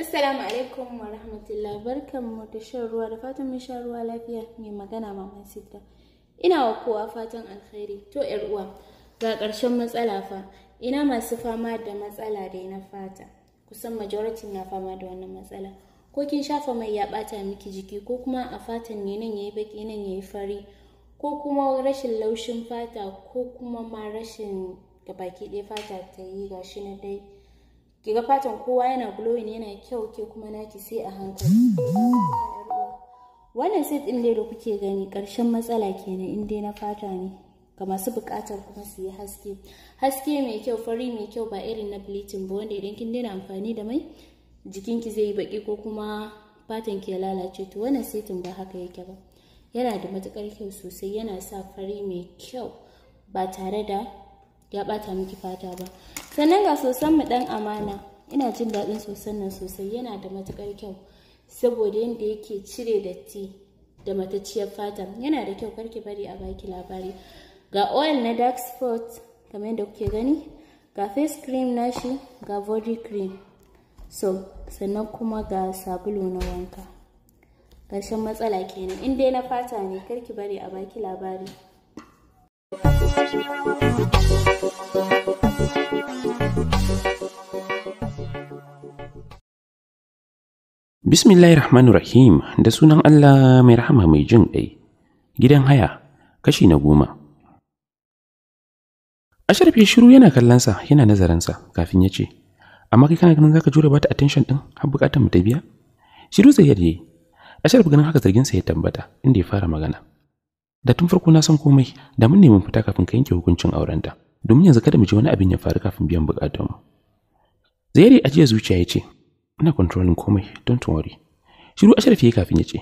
Assalamu alaikum wa rahmatullah mu da shan ruwa da fatan mun sha ruwa lafiya mai magana maman sita. Ina wa kowa fatan alkhairi to yar uwa ga ƙarshen matsala fa ina masu fama da matsala da na fata kusan majority na fama da wannan matsala ko kin shafa mai ya bata miki jiki ko kuma a fatan ne nan yayi baki nan yayi fari ko kuma rashin laushin fata ko kuma ma rashin da baki ɗaya fata ta yi gashi na dai ki ga fatan kowa yana glowing yana kyau ke kuma naki sai a hankali wannan set ɗin dai da kuke gani karshen matsala kenan in dai na fata ne ga masu bukatar kuma su yi haske haske mai kyau fari mai kyau ba irin na bleaching ba wanda idan kin daina amfani da mai jikinki zai yi baƙi ko kuma fatan ki ya lalace to wannan setin ba haka yake ba yana da matukar kyau sosai yana sa fari mai kyau ba tare da ya ɓata miki fata ba sannan ga sosan mu ɗan amana ina jin daɗin sosan nan sosai yana da matukar kyau saboda yanda yake cire datti da matacciyar fata yana da kyau karki bari a baki labari ga oil na dark spot kamar yadda kuke gani ga face cream nashi ga body cream so sannan kuma ga sabulu na wanka ƙarshen matsala kenan in dai na fata ne karki bari a baki labari Bismillahirrahmanirrahim da sunan Allah mai rahama mai jin ɗai, Gidan haya, kashi na goma. A sharfe shiru yana kallonsa yana nazarinsa kafin ya ce, Amma kai kana ganin zaka jure bata attention ɗin har bukatar mu ta biya? Shiru zai da a sharfe ganin haka zarginsa ya tambata inda ya fara magana. da tun farko na san komai da mun nemi fita kafin ka yanke hukuncin aurenta domin yanzu kada mu ji wani abin ya faru kafin biyan bukatunmu zairi jiya zuciya ya ce ina controlling komai don't worry shiru a sharfi kafin ya ce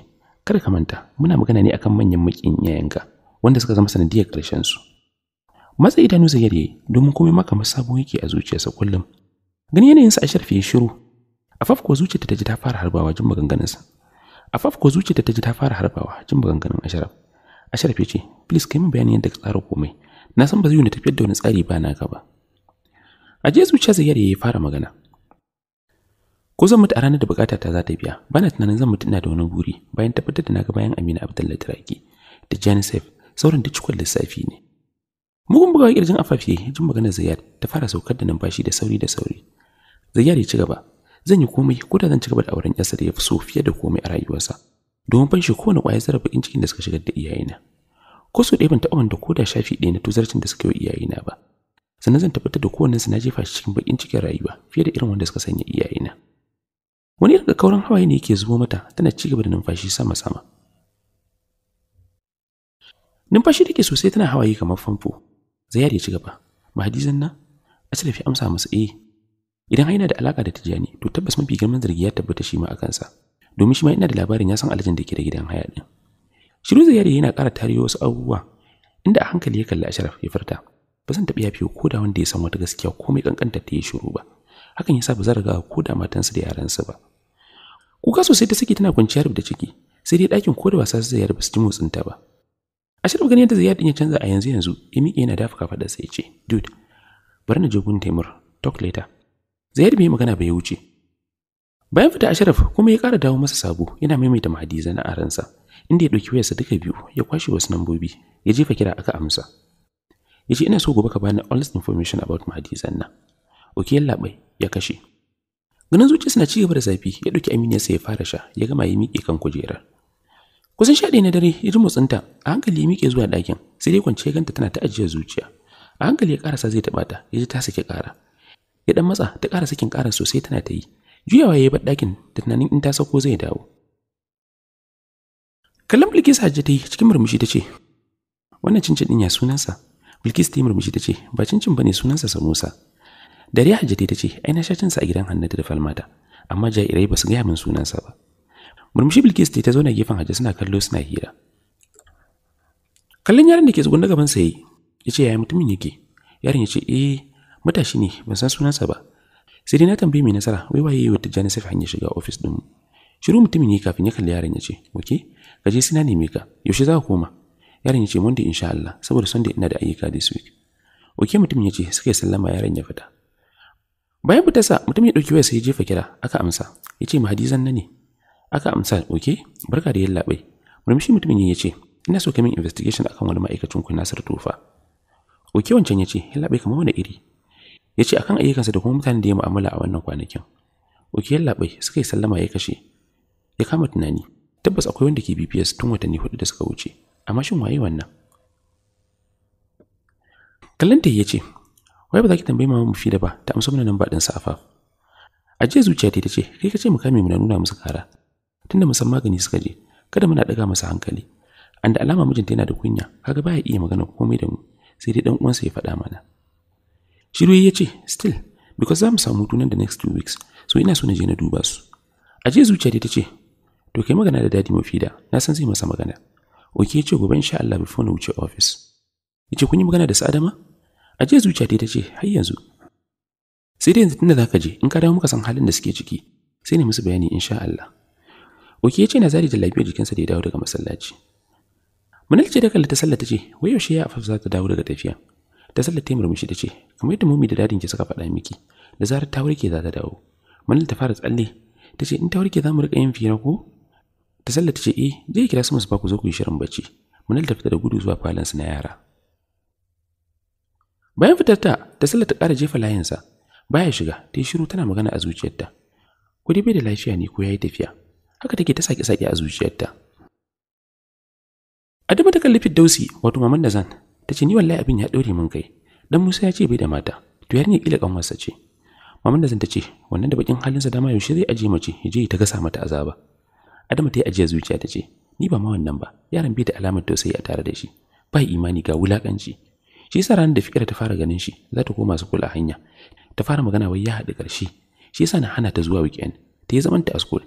kada ka manta muna magana ne akan manyan makin yayanka wanda suka zama sanadiyar karshen su matsa idanu zayyar yayi domin komai maka sabo yake a zuciyarsa kullum gani yanayin sa sharfi ya shiru afaf ko zuciyarta ta ji ta fara harbawa jin maganganunsa afaf ko zuciyarta ta ji ta fara harbawa jin maganganun asharaf Asharaf ya ce, "Please kai min bayani yadda ka tsara komai. Na san ba zai yi tafiyar da wani tsari ba na gaba." A je zuciya Zayyar ya fara magana. Ko zan mutu a ranar da bukata ta za ta biya, bana tunanin zan mutu ina da wani buri bayan tabbatar da na ga bayan Amina Abdullahi Taraki da Janisef sauran da cikon lissafi ne. Mugun bugawa kirjin afafiye jin maganar Zayyar ta fara saukar da numfashi da sauri da sauri. Zayyar ya ci gaba, zan yi komai ko da zan ci gaba da auren yarsa da ya fi so fiye da komai a rayuwarsa. domin ban shi kowane ƙwayar zarar baƙin cikin da suka shigar da iyayena ko su ɗaya ban taɓa wanda ko da shafi ɗaya na tuzarcin da suka yi wa iyayena ba sannan zan tabbatar da kowannen su na jefa shi cikin baƙin cikin rayuwa fiye da irin wanda suka sanya iyayena wani irin kauran hawaye ne yake zubo mata tana ci gaba da numfashi sama-sama numfashi da ke sosai tana hawaye kamar famfo zayar ya ci gaba mahadizan nan fi amsa masa eh idan haina da alaka da tijani to tabbas mafi girman zargi ya tabbata shi ma a kansa domin shi ma ina da labarin ya san alajin da ke da gidan haya din shiru ziyari yana ƙara tariyo wasu abubuwa inda a hankali ya kalli ashraf ya furta ba zan taɓa yafiyo ko da wanda ya san wata gaskiya ko mai kankanta ta yi shiru ba hakan ya sa ba zan riga ko da matansa da yaransa ba kuka sosai ta saki tana kwanciyar da ciki sai dai ɗakin ko da wasa su ziyari ba su ji motsin ta ba Ashraf ganin yadda ziyari ya canza a yanzu yanzu, ya miƙe yana dafa kafaɗa sai ya ce, "Dude, bari na je gun Taimur, talk later." Ziyari bai magana ba ya wuce. bayan fita ashraf kuma ya kara dawo masa sabo yana maimaita mahadiza na aransa inda ya ɗauki wayarsa duka biyu ya kwashe wasu nambobi ya jefa kira aka amsa ya ce ina so gobe ka bani all information about mahadizan nan oke yalla ya kashe ganin zuciya suna cigaba da zafi ya dauki aminiyarsa ya fara sha ya gama ya miƙe kan kujerar kusan sha ɗaya na dare ya ji motsinta a hankali ya miƙe zuwa ɗakin sai dai kwanciya ganta tana ta ajiyar zuciya a hankali ya ƙarasa zai taɓa ta ya ji ta sake ƙara ya ɗan matsa ta ƙara sakin ƙara sosai tana ta yi juyawa ya yi ɗakin da tunanin in ta sauko zai dawo kallon bilkis hajji ta yi cikin murmushi ta ce wannan cincin ɗin ya sunansa bilkis ta yi murmushi ta ce ba cincin ba ne sunansa samosa dare hajji ta ce ai na sha cinsa a gidan hannatu da falmata amma jairai ba su gaya min sunansa ba murmushi bilkis ta yi ta zauna gefen hajji suna kallo suna hira kallon yaron da ke na gaban sa yi, ya ce yaya mutumin yake yaron ya ce eh matashi ne ban san sunansa ba sai dai na tambayi mai nasara wai waye wa tijjani sai hanyar shiga ofis din mu shiru mutumin yi kafin ya kalli yaron ya ce oke ka je sina neme ka yaushe za ka koma yaron ya ce monday insha Allah saboda sunday ina da ayyuka this week oke mutumin ya ce suka yi sallama yaron ya fita bayan fitarsa mutum ya dauki waya sai ya jefa kira aka amsa ya ce mahadizan na ne aka amsa oke barka da yallaɓai murmushi mutumin ya ce ina so ka min investigation akan wani ma'aikacin ku nasar Tufa. Oke wancan ya ce, "Yallaɓe kamar wani iri?" ya ce akan ayyukansa da kuma mutanen da ya mu'amala a wannan kwanakin okiyar labai suka yi sallama ya kashe ya kama tunani tabbas akwai wanda ke bps tun watanni hudu da suka wuce amma shin waye wannan kallon ya ce wai ba za ki tambayi mama fi da ba ta amsa mana nan baɗin safa a jiya zuciya ta ce kai ka ce mu kame mu na nuna musu kara tunda mu san magani suka je kada muna daga masa hankali an da alama mijinta yana da kunya kaga baya iya magana komai da mu sai dai dan uwansa ya faɗa mana shiru ya ce still because za mu samu tunan da next two weeks so ina so na je na duba su a je zuciya ta ce to kai magana da dadi mafida na san zai masa magana oke ya ce gobe insha Allah before na wuce office ya ce kun yi magana da su adama a je zuciya ta ce har yanzu sai dai yanzu da za ka je in ka dawo muka san halin da suke ciki sai ne musu bayani insha Allah oke ya ce na zari da lafiyar jikinsa da ya dawo daga masallaci Manal ce da kalli ta sallata ce wai yaushe ya afaf za ta dawo daga tafiya ta sallar ta murmushi ta ce kamar yadda mummy da dadin ki suka faɗa miki da zarar ta warke za ta dawo manil ta fara tsalle ta ce in ta warke za mu riƙa yin fira ko ta sallar ta ce eh zai kira su musu ba ku zo ku yi shirin bacci manil ta fita da gudu zuwa falon su na yara bayan fitar ta ta sallar ta ƙara jefa layinsa baya shiga ta yi shiru tana magana a zuciyarta ko dai bai da lafiya ne ko ya yi tafiya haka take ta sake sake a zuciyarta Adama ta kalli dausi wato maman Nazan ta ce ni wallahi abin ya dore min kai dan Musa ya ce bai da mata to ne kila kanwarsa ce maman da zan ta ce wannan da bakin halinsa dama yaushe zai aje mace ya je ta gasa mata azaba Adama ta yi ajiya zuciya ta ce ni ba ma wannan ba Yaran bai da alamar tausayi a tare da shi ba imani ga wulakanci shi yasa ranar da fikira ta fara ganin shi za ta koma su kula hanya ta fara magana wai ya hadu ƙarshe shi yasa na hana ta zuwa weekend ta yi zamanta a school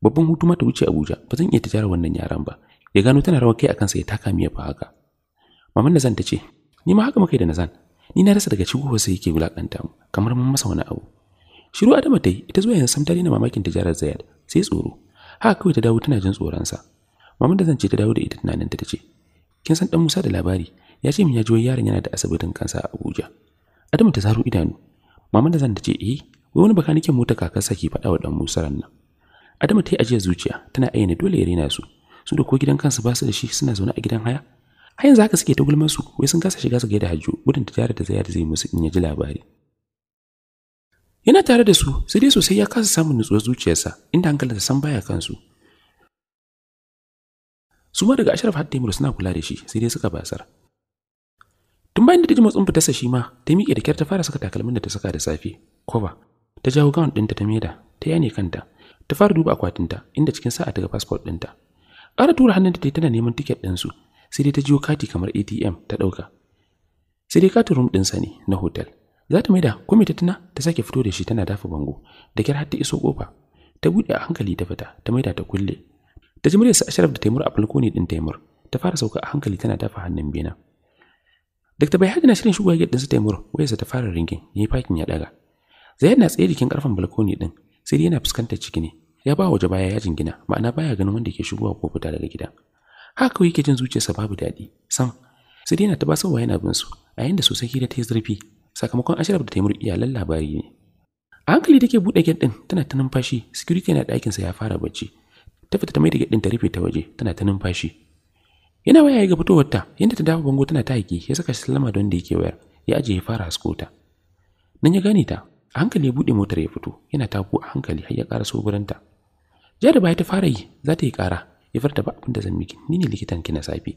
babban hutu ta wuce Abuja ba zan iya tijara wannan yaran ba ya gano tana rawa kai akan sa ya taka miya fa haka maman Nazan ta ce ni ma haka muka yi da Nazan ni na rasa daga cikin sai yake wulakanta mu kamar mun masa wani abu shiru Adama ta ita zuwa yanzu sam na mamakin tijarar zayad sai tsoro haka kawai ta dawo tana jin tsoron sa maman zan ce ta dawo da ita tunanin ta ce kin san dan Musa da labari ya ce min ya ji yaron yana da asibitin kansa a Abuja adama ta zaro idanu maman da zan ta ce eh wai wani bakanikin mota kakarsa ke faɗa wa dan Musa ran nan adama ta yi ajiyar zuciya tana ayyana dole ya rena su su da ko gidan kansu ba su da shi suna zaune a gidan haya har yanzu haka suke ta gulman su wai sun kasa shiga su gaida hajjo gudun ta tare da zai zai musu in ya ji labari yana tare da su sai dai sosai ya kasa samun nutsuwar zuciyarsa inda hankalinsa san baya kansu su ma daga ashraf har taimur suna kula da shi sai dai suka basar tun bayan da ta ji matsin fitarsa shi ma ta miƙe da kyar ta fara saka takalmin da ta saka da safe kwaba ta jawo gawon ɗinta ta maida ta yane kanta ta fara duba akwatinta inda cikin sa'a ta ga fasfot ɗinta ƙara tura hannunta ta yi tana neman tiket ɗinsu sai dai ta jiyo kati kamar ATM ta ɗauka. Sai dai katin room ɗinsa ne na hotel. Za ta maida kome ta tuna ta sake fito da shi tana dafa bango da kyar har ta iso kofa. Ta buɗe a hankali ta fita ta maida ta kulle. Ta ji muryarsa Ashraf da Taimur a balkoni ɗin Taimur. Ta fara sauka a hankali tana dafa hannun bena. Dr. Bai na shirin shigowa gidansa su Taimur wayarsa ta fara ringin yayi fakin ya daga. Zayyad na tsaye jikin karfan balkoni ɗin sai dai yana fuskantar ciki ne. Ya ba waje baya ya jingina ma'ana baya ganin wanda ke shigowa ko fita daga gidan. haka yake jin zuciyarsa babu daɗi sam sai dai yana ta basowa yana bin su a yayin da sosai hira ta yi zurfi sakamakon ashirar da taimur iyalan labari ne a hankali take buɗe gate din tana ta numfashi security na ɗakinsa ya fara bacci ta fita ta mai da gate din ta rufe ta waje tana ta numfashi yana waya ga fitowar ta yanda ta dawo bango tana ta haƙi ya saka sallama don da yake wayar ya aje ya fara hasko ta nan ya gane ta a hankali ya buɗe motar ya fito yana tako a hankali har ya ƙara so ta ja da baya ta fara yi za ta yi ƙara ya farta ba abin da zan miki ni ne likitan ki na safe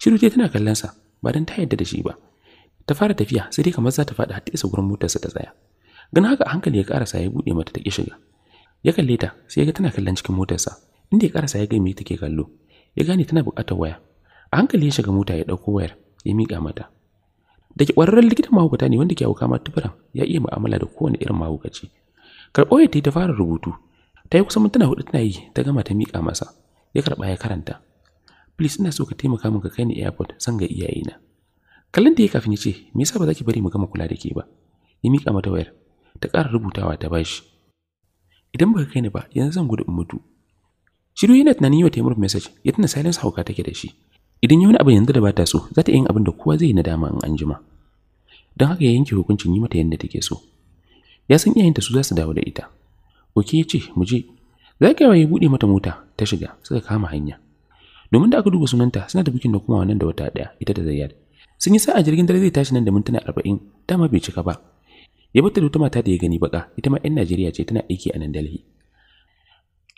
shiru dai tana kallon sa ba dan ta yadda da shi ba ta fara tafiya sai dai kamar za ta faɗi har ta isa gurin motarsa ta tsaya ganin haka hankali ya karasa ya buɗe mata ta ki shiga ya kalle ta sai ya ga tana kallon cikin motarsa inda ya karasa ya ga me take kallo ya gane tana buƙatar waya a hankali ya shiga mota ya dauko wayar ya mika mata da ki likitan mahaukata ne wanda ke auka ma tufuran ya iya mu'amala da kowane irin mahaukaci karɓo ya ta yi ta fara rubutu ta yi kusan mintuna hudu tana yi ta gama ta miƙa masa ya karɓa ya karanta please ina so ka taimaka min ka kai ni airport san ga iyayena kallon da ya kafin ya ce me yasa ba za ki bari mu gama kula da ke ba ya miƙa mata wayar ta ƙara rubutawa ta bashi idan baka kai ni ba yanzu zan gudu in mutu shiru yana tunanin yau taimur message ya tuna silence hauka take da shi idan ya wani abu yanzu da bata so za ta yin abin da kowa zai yi dama in an jima don haka ya yanke hukuncin yi mata yadda take so ya san iyayenta su za su dawo da ita oke ya ce mu je zaka ya buɗe mata mota ta shiga suka kama hanya. Domin da aka duba sunanta suna da bikin da kuma wannan da wata ɗaya ita da Zayyad. Sun yi sa'a jirgin dare zai tashi nan da mintuna arba'in dama bai cika ba. Ya bata da wata mata da ya gani baka ita ma 'yan Najeriya ce tana aiki a nan Delhi.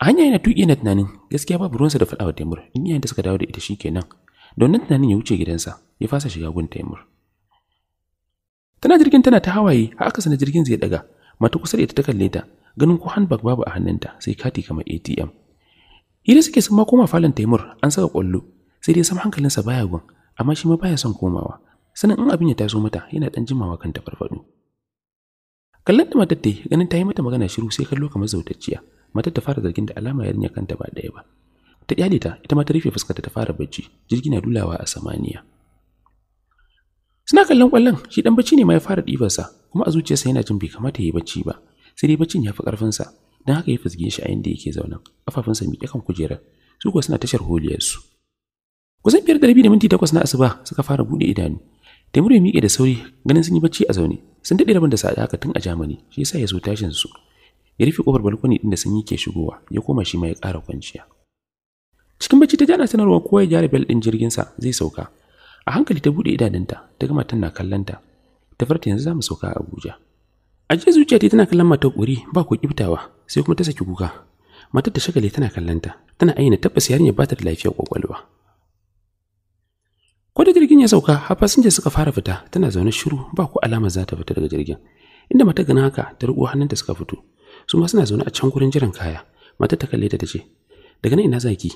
A hanya yana tuƙi yana tunanin gaskiya babu ruwansa da faɗawa Taimur in da suka dawo da ita shi kenan. Da wannan tunanin ya wuce gidansa ya fasa shiga gun Taimur. Tana jirgin tana ta hawaye har aka sanar jirgin zai daga mata kusa da ita ta kalle ta ganin ko handbag babu a hannunta sai kati kamar ATM. ida suke sun ma koma falon Taimur an saka kwallo sai dai sam hankalinsa baya gun amma shi ma baya son komawa. Sanin in abin ya taso mata yana dan jimawa kanta farfado. Kallon da matar ta ganin ta yi mata magana shiru sai kallo kamar zautacciya. Matar ta fara zargin da alama yarinya kanta ba ɗaya ba. ta kyale ta ita ma ta rufe fuskarta ta fara bacci jirgi na dulawa a samaniya suna kallon kwallon shi dan bacci ne ma ya fara ɗibarsa kuma a zuciyarsa yana jin bai kamata ya yi bacci ba sai dai baccin ya fi ƙarfinsa don haka ya fizge shi a inda yake zaunan ƙafafunsa miƙe kan kujerar su kuwa suna tashar holiyarsu kusan biyar da rabi da minti takwas na asuba suka fara buɗe idanu taimur ya miƙe da sauri ganin sun yi bacci a zaune sun daɗe rabin da sa aka tun a jamani shi yasa ya zo tashin su ya rufe kofar balkoni ɗin da sun yi ke shigowa ya koma shi ma ya ƙara kwanciya cikin bacci ta jana sanarwa kowa ya gyara bel ɗin jirginsa zai sauka a hankali ta buɗe idanunta ta gama tana kallonta ta farta yanzu za mu sauka a abuja Ajiye zuciya ta tana kallon matar kuri ba ku kiftawa sai kuma ta saki kuka. Matar ta shagale tana kallonta tana ayyana tabbas yarinya ba ta da lafiyar kwakwalwa. Ko da jirgin ya sauka har fasinja suka fara fita tana zaune shiru ba ku alama za ta fita daga jirgin. Inda matar ganin haka ta riƙo hannunta suka fito. Su ma suna zaune a can gurin jiran kaya. Matar ta kalle ta ta ce, "Daga nan ina za ki?"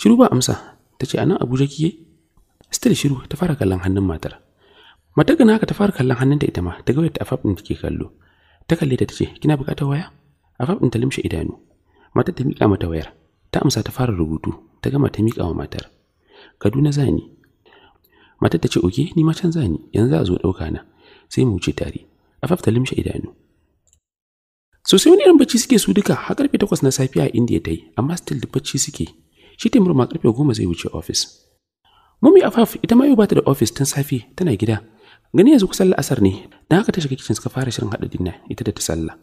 Shiru ba amsa ta ce, "A nan Abuja kiye?" Still shiru ta fara kallon hannun matar. matakan haka ta fara kallon hannunta ita ma ta ga yadda afab ɗin take kallo ta kalle ta ce kina bukatar waya afab ɗin ta limshe idanu mata ta miƙa mata wayar ta amsa ta fara rubutu ta gama ta mika wa matar kaduna zani matar ta ce oke ni ma can zani yanzu za a zo ɗauka na sai mu wuce tare afaf ta limshe idanu sosai wani irin bacci suke su duka har karfe takwas na safiya a indiya ta yi amma still duk bacci suke shi ta murma karfe goma zai wuce ofis mummy afaf ita ma yau bata da ofis tun safe tana gida gani yanzu kusan la'asar ne dan haka ta shiga kicin suka fara shirin haɗa dinna ita da ta sallah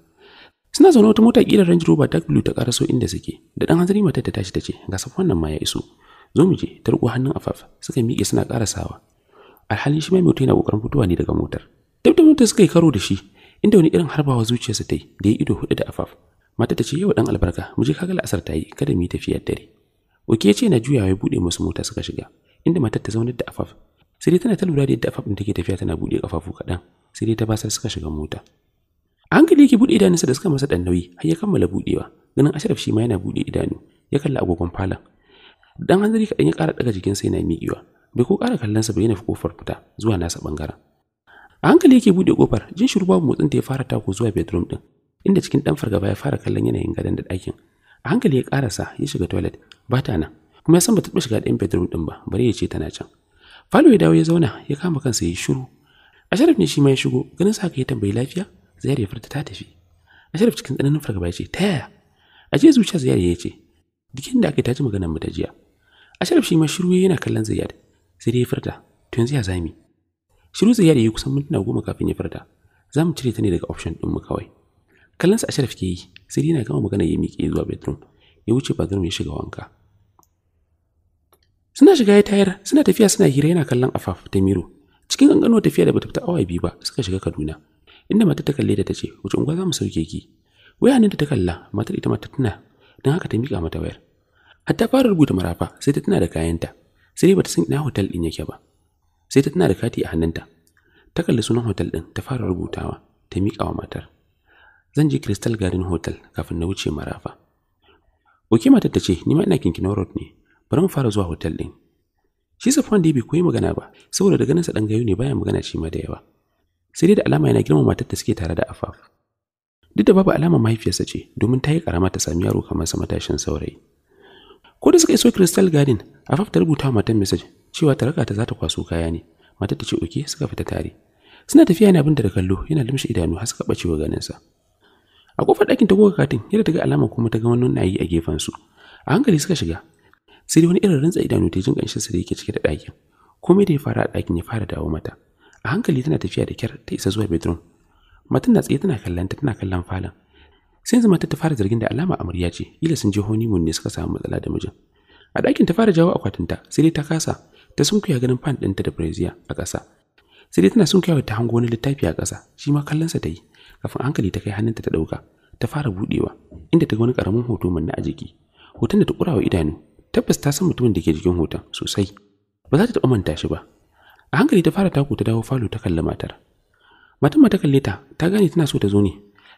suna zaune wata mota kilar range rover dark blue ta karaso inda suke da dan hanzari matar ta tashi ta ce ga safwan nan ma ya iso zo mu je ta hannun afaf suka miƙe suna karasawa alhali shi mai mota yana kokarin fitowa ne daga motar duk da motar suka yi karo da shi inda wani irin harbawa zuciyarsa ta yi da ya ido hudu da afaf mata ta ce yau dan albarka mu je kaga la'asar ta yi kada mu yi tafiyar dare oke ya ce na juyawa ya buɗe musu mota suka shiga inda matar ta zaunar da afaf sai tana ta lura da yadda afafin take tafiya tana buɗe kafafu kaɗan sai dai ta basar suka shiga mota a hankali yake buɗe idanunsa da suka masa dan nauyi har ya kammala buɗewa ganin ashraf shi ma yana buɗe idanu ya kalla agogon falon dan hanzari kaɗan ya ƙara ɗaga jikinsa yana miƙewa bai ko ƙara sa bai yana kofar fita zuwa nasa bangaren a hankali yake buɗe kofar jin shiru babu motsin ta ya fara tako zuwa bedroom ɗin inda cikin dan fargaba ya fara kallon yanayin gadon da dakin a hankali ya karasa ya shiga toilet ba nan kuma ya san ba ta taɓa shiga ɗayan bedroom ɗin ba bari ya ce tana can Falo ya dawo ya zauna ya kama kansa ya yi shiru. sharaf ne shi ma ya shigo ganin sa ka yi tambayi lafiya Ziyar ya furta ta tafi. sharaf cikin tsananin fargaba ya ce ta yaya? A jiya zuciya Ziyar ya ce dikin da aka taji maganar mu ta jiya. Asharaf shi ma shiru yana kallon Ziyar sai dai ya furta to yanzu ya zami. Shiru Ziyar ya yi kusan mintuna goma kafin ya furta. Za mu cire ta ne daga option mu kawai. kallon a Asharaf ke yi sai dai yana gama magana ya miƙe zuwa bedroom ya wuce bedroom ya shiga wanka. Suna shiga ya tayar, suna tafiya suna hira yana kallon Afaf da Miro. Cikin ƙanƙanuwar tafiya da bata fita awa biyu ba, suka shiga Kaduna. Inda matar ta kalle ta ce, "Wace unguwa za mu sauke ki?" Waya ne da ta kalla, matar ita ma ta tuna, don haka ta miƙa mata wayar. ta fara rubuta marafa, sai ta tuna da kayanta. Sai dai bata san ina hotel ɗin yake ba. Sai ta tuna da kati a hannunta. Ta kalli sunan hotel ɗin, ta fara rubutawa, ta miƙa wa matar. Zan je Crystal Garden Hotel kafin na wuce marafa. Oke matar ta ce, "Ni ma ina kinkinorot ne." bari mu fara zuwa hotel din shi Safwan da bai koyi magana ba saboda da ganin sa dan gayu ne baya magana shi ma da yawa sai dai da alama yana girma matar da suke tare da Afaf duk da babu alama mahaifiyarsa ce domin ta yi karama ta sami yaro kamar sa matashin saurayi ko da suka iso Crystal Garden Afaf ta rubuta wa matar message cewa ta raka ta za ta kwaso kaya ne matar ta ce oke suka fita tare suna tafiya ne abinda da kallo yana limshi idanu har suka bace ganin sa a kofar ɗakin ta goga katin yadda ta ga alama kuma ta ga wani nayi a gefen su a hankali suka shiga sai dai wani irin rantsa idanu ta jin ƙanshin sa da yake cike da ɗakin komai da ya fara a ɗakin ya fara dawo mata a hankali tana tafiya da kyar ta isa zuwa bedroom matan na tsaye tana kallon ta tana kallon falon sai yanzu ta fara zargin da alama amarya ce ila sun je honeymoon ne suka samu matsala da mijin a ɗakin ta fara jawo akwatinta sai dai ta kasa ta sunkuya ganin fan ɗinta da brazier a ƙasa sai dai tana sunkuyawa ta hango wani littafi a ƙasa shi ma kallonsa ta yi kafin hankali ta kai hannunta ta ɗauka ta fara buɗewa inda ta ga wani ƙaramin hoto manna a jiki hoton da ta ƙura idanu tabbas ta san mutumin da ke jikin hoton sosai ba za ta taba manta shi ba a hankali ta fara taku ta dawo falo ta kalli matar matan ta kalle ta ta gane tana so ta zo ne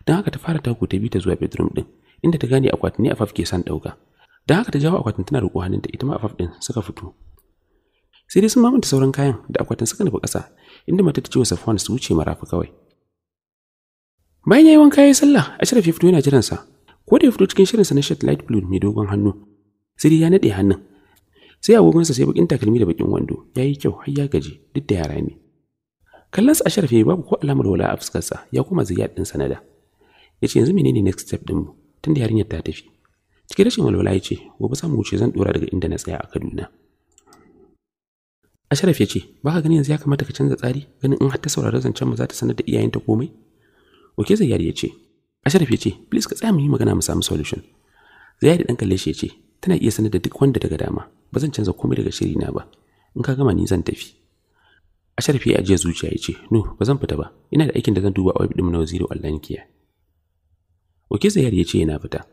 don haka ta fara taku ta bi ta zuwa bedroom din inda ta gane akwatin ne afaf ke san dauka don haka ta jawo akwatin tana roƙo hannunta ita ma afaf din suka fito sai dai sun mamanta sauran kayan da akwatin suka nufi ƙasa inda mata ta ce wa Safwan su wuce marafa kawai bayan yayi wanka yi sallah a ya fito yana jiransa sa ko da ya fito cikin shirin na shirt light blue mai dogon hannu sai ya nade hannun sai agogonsa sai bakin takalmi da bakin wando ya yi kyau har ya gaji duk da yara ne kallon a sharfe babu ko alamar wala a fuskarsa ya koma ziyar din sanada ya ce yanzu menene next step din mu tunda yarinyar ta tafi cikin rashin walwala ya ce gobe samu wuce zan dora daga inda na tsaya a kaduna asharaf ya ce ba ka gani yanzu ya kamata ka canza tsari ganin in har ta saurari zancen mu za ta sanar da iyayenta komai oke zai ya ce asharaf ya ce please ka tsaya mu yi magana mu samu solution zai da dan kalle shi ya ce tana iya sanar da duk wanda daga dama ba zan canza komai daga shiri na ba in ka gama ni zan tafi a sharfi a jiya zuciya ya ce no ba zan fita ba ina da aikin da zan duba a wabi din na waziri online kiya oke zayar ya ce yana fita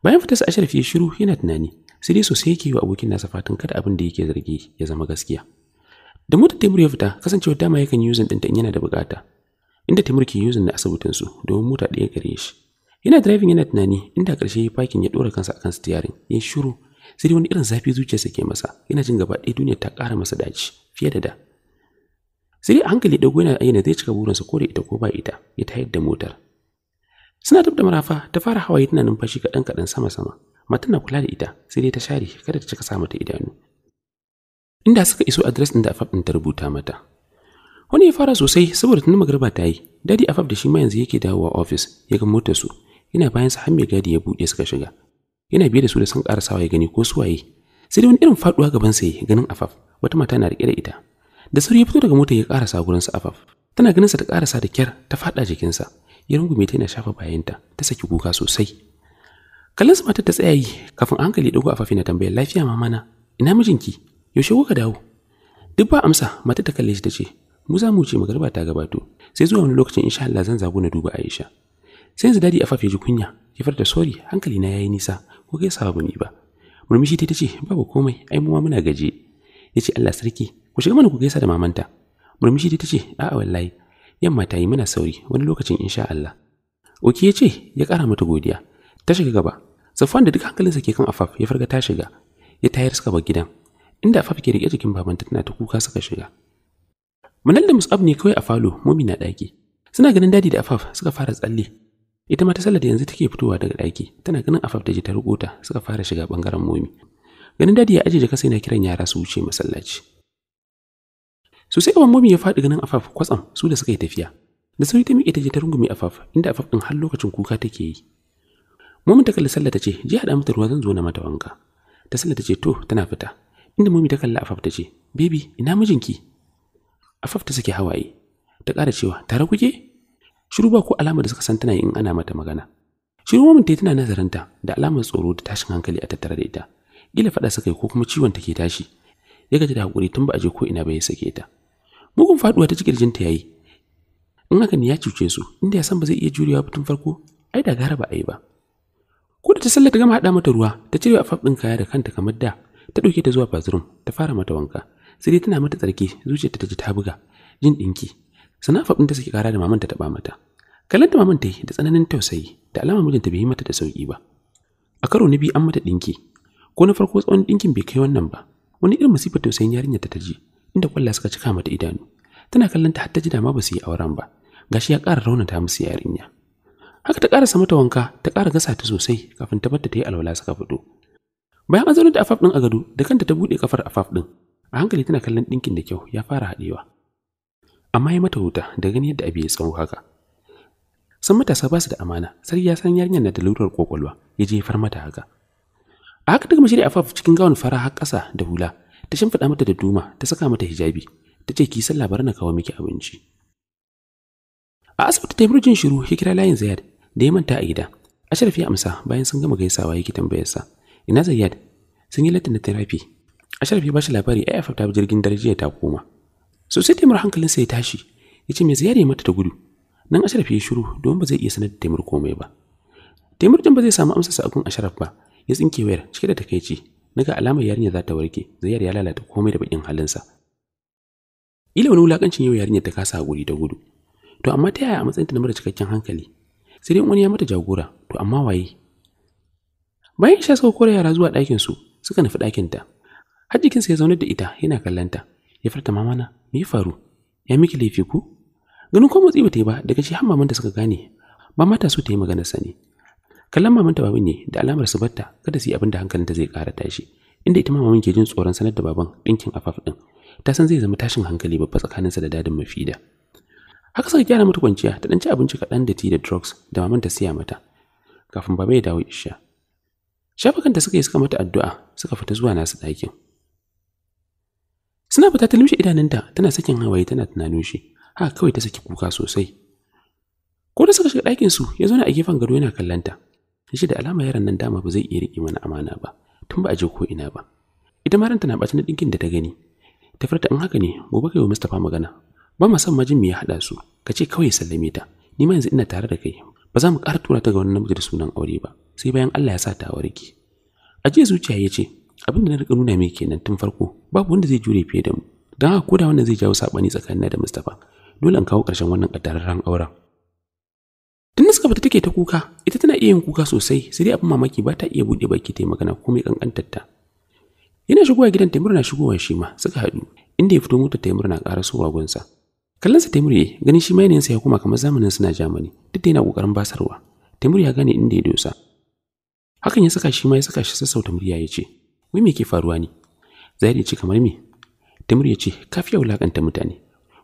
bayan fitarsa a sharfi ya shiru yana tunani sai dai sosai yake yi wa abokin nasa fatan kada abin da yake zargi ya zama gaskiya da motar taimur ya fita kasancewar dama yakan yi yuzin ɗinta in yana da bukata inda taimur ke yuzin na asibitinsu domin mota ɗaya gare shi Yana driving yana tunani inda ƙarshe fakin ya ɗora kansa akan steering ya shiru sai wani irin zafi zuciyarsa ke masa yana jin gaba ɗaya duniya ta ƙara masa daci fiye da da. Sai a hankali dago yana ayyana zai cika burinsa ko da ita ko ba ita ya tayar da motar. Suna tab da marafa ta fara hawaye tana numfashi kaɗan kaɗan sama sama mata na kula da ita sai dai ta share kada ta cika sa mata idanu. Inda suka iso adres ɗin da afaf ɗin ta rubuta mata. Wani ya fara sosai saboda tunan magarba ta yi. Dadi Afaf da shi ma yanzu yake dawowa ofis ya ga motar su yana bayan sa har mai gadi ya buɗe suka shiga yana biye da su da sun sawa ya gani ko suwaye sai dai wani irin faduwa gaban sa ganin afaf wata mata na rike da ita da sauri ya fito daga motar ya karasa gurin sa afaf tana ganin sa ta sa da kyar ta fada jikinsa ya rungume ta yana shafa bayanta ta saki kuka sosai kallon sa matar ta tsaya yi kafin a hankali dago afaf yana tambaya, lafiya mama na ina mijinki yaushe kuka dawo duk ba amsa matar ta kalle shi ta ce mu za mu ce magarba ta gabato sai zuwa wani lokacin insha Allah zan zago na duba Aisha sai yanzu dadi a fafe ji kunya ya farta sori hankali na yayi nisa ko gaisawa ba ni ba murmushi ta ce babu komai ai mu ma muna gaje yace Allah sarki ku shiga mana ku gaisa da mamanta murmushi ta ce a'a wallahi yamma ta yi muna sauri wani lokacin insha Allah Oki yace ya kara mata godiya ta shiga gaba Safwan da duk hankalinsa ke kan Afaf ya farga ta shiga ya tayar suka bar gidan inda Afaf ke rike jikin babanta tana ta kuka suka shiga Manal da Mus'ab ne kawai a falo, mumin na ɗaki. Suna ganin dadi da Afaf suka fara tsalle, ita ma ta da yanzu take fitowa daga ɗaki tana ganin afaf da jita ta suka fara shiga bangaren momi ganin dadi ya aje jaka sai na kiran yara su wuce masallaci su sai awan momi ya faɗi ganin afaf kwatsam su da suka yi tafiya da sauri ta miƙe ta jita ta rungume afaf inda afaf ɗin har lokacin kuka take yi momi ta kalli sallar ta ce je haɗa mata ruwa zan zo na mata wanka ta sallar ta ce to tana fita inda momi ta kalli afaf ta ce baby ina mijinki afaf ta sake hawaye ta ƙara cewa tare kuke shiru ba ko alamar da suka san tana in ana mata magana shiru mamin ta tana ta da alamar tsoro da tashin hankali a tattare da ita gila faɗa suka yi ko kuma ciwon take tashi ya gaji da hakuri tun ba a je ko ina ba ya sake ta mugun faduwa ta cikin jinta yayi in ni ya cuce su inda ya san ba zai iya jurewa ba tun farko ai da gara ba a yi ba ko da ta sallata gama hada mata ruwa ta cire a ɗin kaya da kanta kamar da ta dauke ta zuwa bathroom ta fara mata wanka sai dai tana mata tsarki zuciyarta ta ji ta buga jin dinki. Sana faɗin ta saki ƙara da maman ta taɓa mata. Kallon ta maman ta yi da tsananin tausayi da alama mijinta bai yi mata da sauƙi ba. A karo na biyu an mata ɗinki. Ko na farko tsawon ɗinkin bai kai wannan ba. Wani irin masifar tausayin yarinya ta ta ji inda kwalla suka cika mata idanu. Tana kallon ta har ta ji dama ba su yi auren ba. Gashi ya ƙara raunata musu yarinya. Haka ta ƙara mata wanka ta ƙara gasa ta sosai kafin ta bar ta yi alwala suka fito. Bayan an zauna da afaf ɗin a gado da kanta ta buɗe kafar afaf ɗin. A hankali tana kallon ɗinkin da kyau ya fara haɗewa. amma ya mata huta da gani yadda abi ya tsawo haka sun matasa ba su da amana sai ya san yarinyar na da lurar kokolwa ya je far mata haka a haka daga mashiri afaf cikin gawon fara har ƙasa da hula ta shimfiɗa mata da duma ta saka mata hijabi ta ce ki sallah labarin na kawo miki abinci a asibiti ta burjin shiru ya kira layin zayad da ya manta a gida ashraf ya amsa bayan sun gama gaisawa tambayar sa ina zayyad sun yi latin da therapy sharafi ya bashi labari ai afaf ta bi jirgin darajiya ta koma sai taimar hankalinsa ya tashi ya ce mai ziyara mata ta gudu nan ashraf ya shiru don ba zai iya sanar da taimar komai ba taimar din ba zai samu amsa sa akun ashraf ba ya tsinke wayar cike da takaici na ga alamar yarinya za ta warke ziyara ya lalata komai da bakin halinsa ila wani wulakancin yau yarinya ta kasa guri da gudu to amma ta yaya a matsayin ta na mara cikakken hankali sai dai wani ya mata jagora to amma waye bayan sha saka kore yara zuwa ɗakin su suka nufi ɗakin ta har jikinsa ya zaunar da ita yana kallanta ya furta mamana me ya faru ya miki laifi ku? ganin ko motsi bata yi ba daga shi har da suka gane ba mata su ta yi magana sani kallon ta baban ne da alamar su batta kada su yi abin da hankalinta zai ƙara tashi inda ita maman ke jin tsoron sanar da baban ɗinkin afaf ɗin ta san zai zama tashin hankali babba tsakaninsa da dadin mafida haka suka gyara mata kwanciya ta ɗan abinci kaɗan da ti da drugs da mamanta siya mata kafin baba ya dawo isha shafa kanta suka yi suka mata addu'a suka fita zuwa nasu ɗakin suna fita ta lumshe idanunta tana sakin hawaye tana tunanin shi haka kawai ta saki kuka sosai ko da suka shiga ɗakin su ya zauna a gefen gado yana kallanta shi da alama yaran nan dama ba zai iya riƙe mana amana ba tun ba a je ko ina ba ita ma ranta na ɓacin na ɗinkin da ta gani ta farta in haka ne gobe kai wa mustafa magana ba ma son majin me ya haɗa su kace ce kawai sallame ta ni ma yanzu ina tare da kai ba za mu ƙara tura ta ga wani namiji da sunan aure ba sai bayan Allah ya sa ta warke ajiye zuciya ya ce abin da na rika nuna mai kenan tun farko babu wanda zai jure fiye da mu don haka da wannan zai jawo sabani tsakanina da Mustapha dole an kawo karshen wannan kaddararren auren tun da suka fita take ta kuka ita tana iya yin kuka sosai sai dai abin mamaki ba ta iya buɗe baki ta magana komai kankantar ta yana shigowa gidan Taimur na shigowa shi ma suka haɗu inda ya fito motar Taimur na wagonsa. gunsa sa Taimur ya ganin shi ma yanayin sa ya koma kamar zamanin suna Germany duk da yana ƙoƙarin basarwa Taimur ya gane inda ya dosa hakan ya saka shi ma ya saka shi sassauta murya ya ce wai me ke faruwa ne zahir ya ce kamar me Timur ya ce ka wulakanta mutane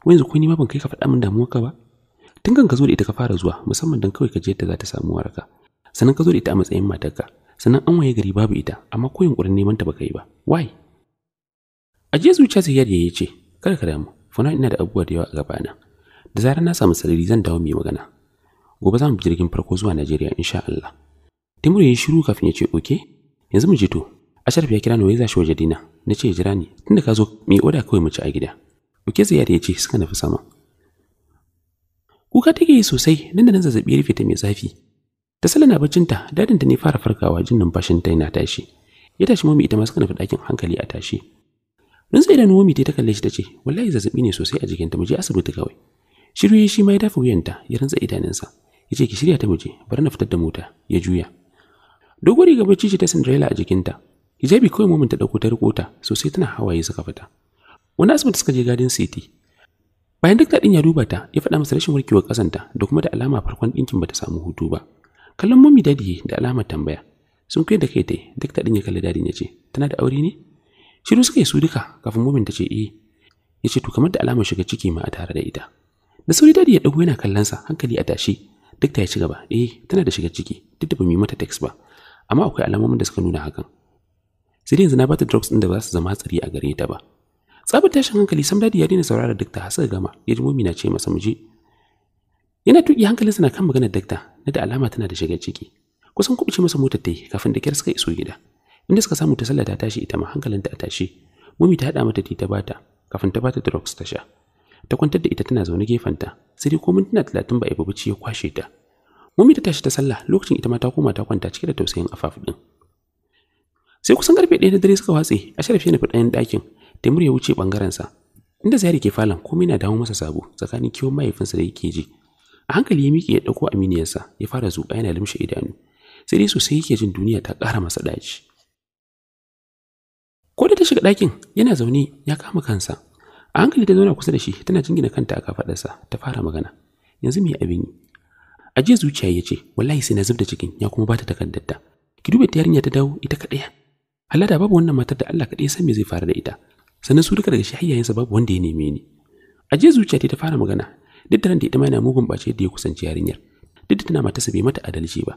wai yanzu ko ni ma ban kai ka faɗa min damuwa ka ba tun kan ka zo da ita ka fara zuwa musamman don kawai ka je yadda za ta samu waraka sannan ka zo da ita a matsayin matarka sannan an waye gari babu ita amma ko yunkurin neman ta baka yi ba wai a je zuciya sai yadda ya ce kada ka damu funa ina da abubuwa da yawa a gabana da zarar na samu sarari zan dawo mai magana gobe za mu jirgin farko zuwa Najeriya insha Allah Timur ya shiru kafin ya ce oke yanzu mu je to Ashraf ya kira ni wai za shi waje dina. Na ce jira ni tunda ka zo mai oda kawai mu ci a gida. Oke ziyara ya ce suka nufi sama. Kuka take yi sosai nan da nan zazzabi ya rufe ta mai zafi. Ta sala na dadin ta ne fara farkawa jin numfashin ta yana tashi. Ya tashi mami ita ma suka nufi ɗakin hankali a tashi. Rinsa idan mami ta kalle shi ta ce wallahi zazzabi ne sosai a jikinta mu je asibiti kawai. Shiru ya shi ma ya dafa wuyanta ya rantsa idanunsa. Ya ce ki shirya ta muje bari na fitar da mota ya juya. Dogori ga bacci ta Cinderella a jikinta hijabi kawai momin ta ɗauko ta riƙo ta sosai tana hawaye suka fita wani asibiti suka je gadin city bayan duk daɗin ya duba ta ya faɗa masa rashin warkewar ƙasanta da kuma da alama farkon ɗinkin bata samu hutu ba kallon mummy dadi da alamar tambaya sun kai da kai tai duk daɗin ya kalli dadin ya ce tana da aure ne shiru suka yi su duka kafin mummy ta ce eh ya ce to kamar da alamar shiga ciki ma a tare da ita da sauri dadi ya ɗago yana kallonsa hankali a tashi duk ta ya ci gaba eh tana da shiga ciki duk da ba mu yi mata text ba amma akwai alamomin da suka nuna hakan sai dai yanzu na bata drugs din da ba su zama hatsari a gare ta ba tsabar tashin hankali sam dadi ya daina saurara dakta har suka gama ya ji na ce masa muje yana tuki sa na kan maganar dakta na da alama tana da shagar ciki kusan kubuce masa motar ta yi kafin da kyar suka iso gida inda suka samu ta sallah ta tashi ita ma hankalin ta a tashi mummy ta hada mata ta bata kafin ta bata drugs ta sha ta kwantar da ita tana zaune gefen ta. sai dai ko mintuna talatin ba a yi ya kwashe ta mumi ta tashi ta sallah lokacin ita ma ta koma ta kwanta cike da tausayin afaf din sai kusan karfe ɗaya na dare suka watse a sharaf ya nufi ɗayan ɗakin taimur ya wuce ɓangarensa inda zahiri ke falon komai na dawo masa sabo tsakanin kiwon mahaifinsa da yake ji a hankali ya miƙe ya ɗauko aminiyarsa ya fara zuƙa yana limshe idanu sai dai sosai yake jin duniya ta ƙara masa ɗaci ko da ta shiga ɗakin yana zaune ya kama kansa a hankali ta zauna kusa da shi tana jingina kanta a kafaɗarsa ta fara magana yanzu mai abin yi a jiya zuciya ya ce wallahi sai na zub da cikin ya kuma bata takardar ta ki duba ta yarinya ta dawo ita kaɗaya da babu wannan matar da Allah kaɗai san me zai faru da ita sannan su duka daga shi babu wanda ya neme ni a jiya zuciya ta fara magana duk da ran da ita ma yana mugun bace da ya kusanci yarinyar duk da tana matarsa bai mata adalci ba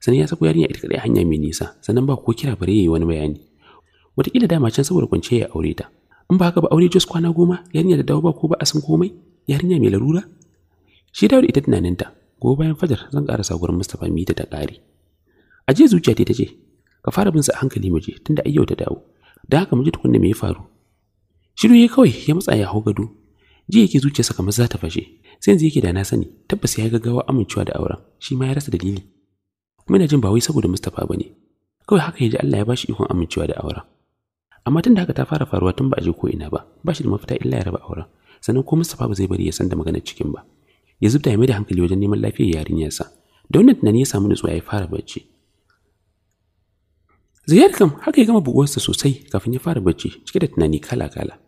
sannan ya sako yarinyar ita kaɗai hanya mai nisa sannan ba ko kira bare yayi wani bayani wataƙila dama can saboda kwanciya ya aure ta in ba haka ba aure jos kwana goma Yarinyar da dawo ba ko ba a san komai yarinya mai larura shi dawo da ita tunaninta gobe bayan fajar zan kara gurin mustapha mita ta ƙare a je zuciya ta ce ka fara bin sa a hankali mu je tunda ayyau ta dawo dan haka mu ji tukunna me ya faru shiru yayi kawai ya matsa ya hau gado ji yake zuciyarsa kamar za ta fashe sai yanzu yake da na sani tabbas ya gaggawa amincewa da auren shi ma ya rasa dalili kuma ina jin ba wai saboda Mustapha bane kawai haka yaji Allah ya bashi ikon amincewa da auren amma tunda haka ta fara faruwa tun ba a je ko ina ba bashi da mafita illa ya raba auren sannan ko Mustapha ba zai bari ya san da maganar cikin ba ya zubta ya mai da hankali wajen neman lafiyar yarinyarsa da wannan tunani ya samu nutsuwa ya fara bacci Ziyar kam haka ya gama buguwarsa sosai kafin ya fara bacci cike da tunani kala-kala.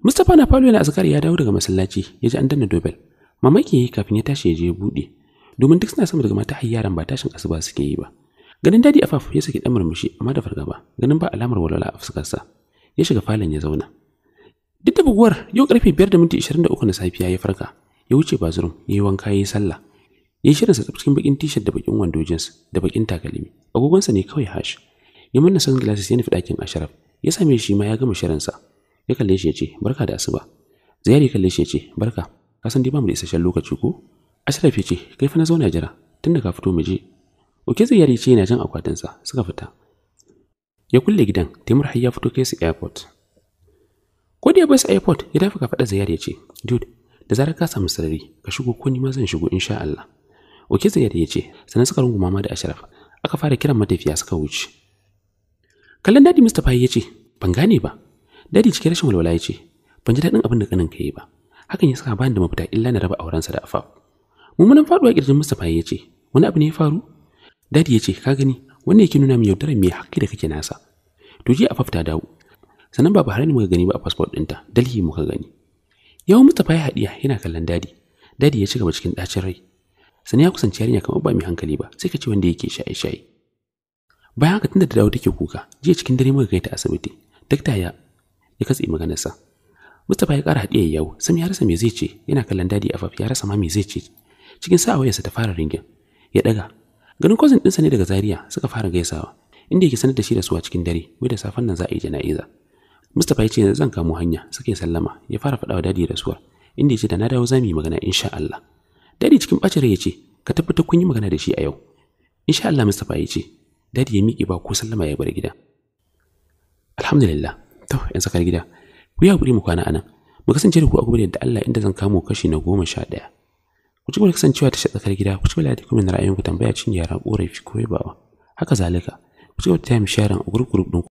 Mustapha na falo yana azkar ya dawo daga masallaci ya ji an danna dobel. Mamaki yayi kafin ya tashi ya je buɗe. Domin duk suna sama daga mata har yaran ba tashin asuba suke yi ba. Ganin dadi a faf ya saki dan murmushi amma da fargaba ganin ba alamar walwala a fuskarsa. Ya shiga falon ya zauna. Duk da buguwar yau karfe biyar da minti uku na safiya ya farka. Ya wuce bazurum ya yi wanka ya yi sallah. ya shirya sa cikin bakin t-shirt da bakin wando jeans da bakin takalmi agogonsa ne kawai hash ya manna san glasses ya nufi ɗakin ashraf ya same shi ma ya gama shirinsa ya kalle shi ya ce barka da asuba ziyari kalle shi ya ce barka ka san dai ba mu da isasshen lokaci ko ashraf ya ce kai fa na zauna jira tunda ka fito mu je oke ziyari ce yana jan akwatinsa suka fita ya kulle gidan taimur har ya fito kai su airport ko da ya bar su airport ya dafa ka faɗa ziyari ya ce dude da zarar ka samu sarari ka shigo ko ni ma zan shigo insha Allah Oke Zayyad ya ce, sannan suka rungu mama da Ashraf. Aka fara kiran matafiya suka wuce. Kallon Dadi Mustapha ya ce, ban gane ba. Dadi cikin rashin walwala ya ce, ban ji daɗin abin da kanin ka yi ba. Hakan ya saka bani da mafita illa na raba aurensa da Afaf. Mummunan faduwa kirjin Mustapha ya ce, wani abu ne ya faru? Dadi ya ce, ka gani, wannan yake nuna min yaudarar mai haƙƙi da kake nasa. To je Afaf ta dawo. Sannan har ni muka gani ba a passport ɗinta, dalhi muka gani. Yawan Mustapha ya haɗiya yana kallon Dadi. Dadi ya ci gaba cikin ɗacin rai. sani ya kusanci yarinya kamar ba mai hankali ba sai ka ce wanda yake shaye-shaye bayan haka tunda da dawo take kuka jiya cikin dare muka kai ta asibiti dakta ya ya katse sa Mustapha ya kara haɗiya yau sam ya rasa me zai ce yana kallon dadi a ya rasa ma me zai ce cikin sa'a wayarsa ta fara ringin ya daga ganin cousin ɗinsa ne daga zariya suka fara gaisawa inda yake sanar da shi da suwa cikin dare wai da safan nan za a yi jana'iza Mustapha ya ce zan kamo hanya suka yi sallama ya fara faɗa dadi da suwa inda ya da na dawo zamu mu yi magana insha Allah Dadi cikin ɓacin ya ce, ka tabbatar kun yi magana da shi a yau. Insha Allah Mustapha ya ce, dadi ya miƙe ba ko sallama ya bar gida. Alhamdulillah, to yanzu kar gida. Ku yi haƙuri mu kwana anan. Mu kasance da ku a gobe da Allah inda zan kamo kashi na goma sha ɗaya. Ku ci gaba kasancewa ta tsakar gida, ku ci gaba da kuma ra'ayinku tambaya cin yara ƙorafi ko yabawa. Haka zalika, ku ci gaba da taya mu sharan a gurgurub